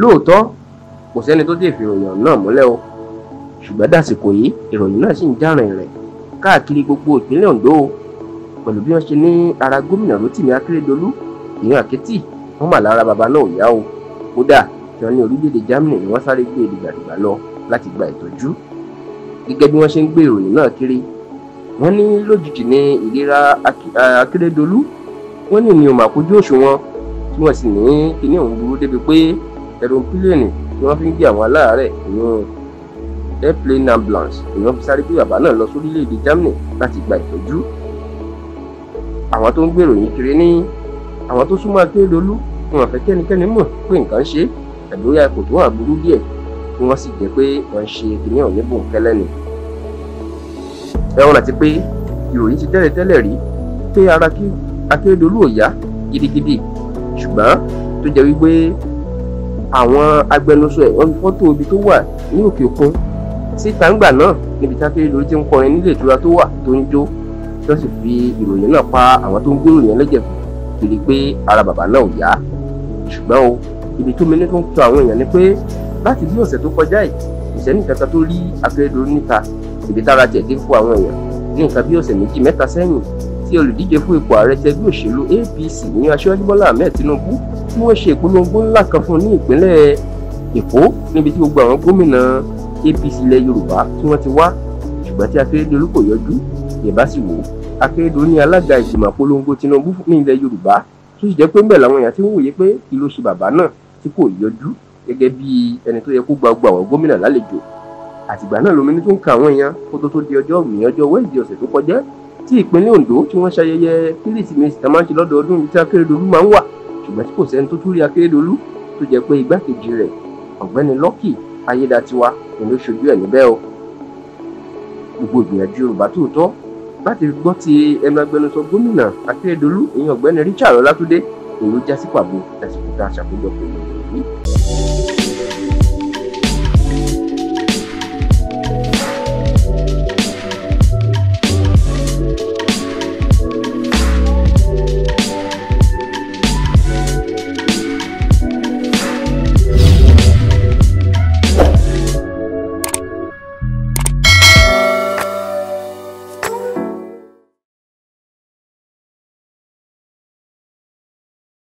lóòótọ́ kò sẹ́ni tó dé fi ìròyìn náà mọ́lẹ̀ o ṣùgbọ́n dàsìkò yìí ìròyìn náà sì ń já rìnrìn káàkiri gbogbo ìpínlẹ̀ Ondo o pẹ̀lú bí wọ́n ṣe ní ara gómìnà Rotimi Akérédolú ìyẹn àkẹ́tì wọ́n mà lára bàbá náà ò yá o kódà tí wọ́n ní orílẹ̀-èdè Germany ni wọ́n sáré gbé dìgbàdìgbà lọ láti gba ìtọ́jú gẹ́gẹ́ bí wọ́n ṣe ń gbé ìròyìn náà kiri wọ́n ní lójijì ní ìlera Akérédolú wọ́n ní ìnìyàn màkójú òṣùwọ̀n tí wọ́n sì ní kíní òun burú débi pé èròǹpilẹ̀nì tí wọ́n fi ń gbé àwọn aláàárẹ̀ ìyún airplane ambulance èèyàn fi sáré gbé bàbá náà lọ sórílẹ̀-èdè Germany láti gba ìtọ́jú àwọn tó ń gbèrò yín kiri ní àwọn tó súnmọ́ ni wọn fẹ́ kẹ́nikẹ́ni mọ̀ pé nǹkan ṣe ẹ̀dóyà kò tó hàn burú díẹ̀ kí wọ́n sì jẹ́ pé wọ́n ń ṣe kíní ọ̀hún níbùn kẹ́lẹ́ ni. ẹ̀wọ̀n àti pé ìròyìn ti tẹ́lẹ̀ tẹ́lẹ̀ rí pé ara Akérédolú ò yá gidigidi ṣùgbọ́n tó jẹ́ wípé àwọn agbẹnusọ ẹ̀ wọ́n fi fọ́tò ibi tó wà ní òkè òkun sí tàǹgbà náà níbi tí Afẹ́nifẹ́re lórí ti ń kọrin nílé ìtura tó wà tó ń jó tó sì fi ìròyìn náà pa àwọn tó ń gbóròyìn ẹlẹ́jẹ̀ kiri pé ara bàbá náà ò yá ṣùgbọ́n o ibi tó mẹ́lẹ́ tó ń tọ àwọn èèyàn ni pé láti bí ọ̀sẹ̀ tó kọjá yìí ìṣẹ́ ní kankan tó rí Afẹ́nifẹ́re níta ibi tára jẹ̀ dé fún àwọn èèyàn ní nǹkan bí ọ̀sẹ̀ méjì mẹ́ta sẹ́yìn tí olùdíje fún ipò ààrẹ tẹgbẹ́ òṣèlú APC ní Aṣíwájú Bọ́lá Ahmed Tinubu tí wọ́n ṣe ìpolongo ńlá kan fún ní ìpínlẹ̀ Èkó níbi tí gbogbo àwọn gómìnà APC ilẹ̀ Yorùbá tí wọ́n ti wá ṣùgbọ́n tí Akérédolú kò yọjú Yorùbá sì wò Akérédolú ní alága ìgbìmọ̀ polongo Tinubu ní ilẹ̀ Yorùbá tó sì jẹ́ pé ńbẹ̀ làwọn èèyàn ti ń wòye pé kí ló ṣe bàbá náà tí kò yọjú gẹ́gẹ́ bí ẹni tó yẹ kó gba gbogbo àwọn gómìnà lálejò àtìgbà náà lómìnir tó ń ka àwọn èèyàn kó tó tó di ọjọ́ mi ọjọ́ wẹ́ẹ̀dì ọ̀sẹ̀ tó kọjá tí ìpínlẹ̀ Ondo tí ṣùgbọ́n tí kò sẹ́ni tó tún rí akérèdọ́lù tó jẹ́ pé igbákejì rẹ̀ ọ̀gbẹ́ni Lucky ayédatiwa ni ló ṣojú ẹ̀ níbẹ̀ o gbogbo ìgbìyànjú yorùbá tòótọ́ láti gbọ́ ti ẹnu agbẹnusọ gómìnà akérèdọ́lù ìyẹn ọ̀gbẹ́ni Richard Ọlátúndé òun ló já sí pàbó ẹ̀sìn kúta ṣàkójọpọ̀ ìlú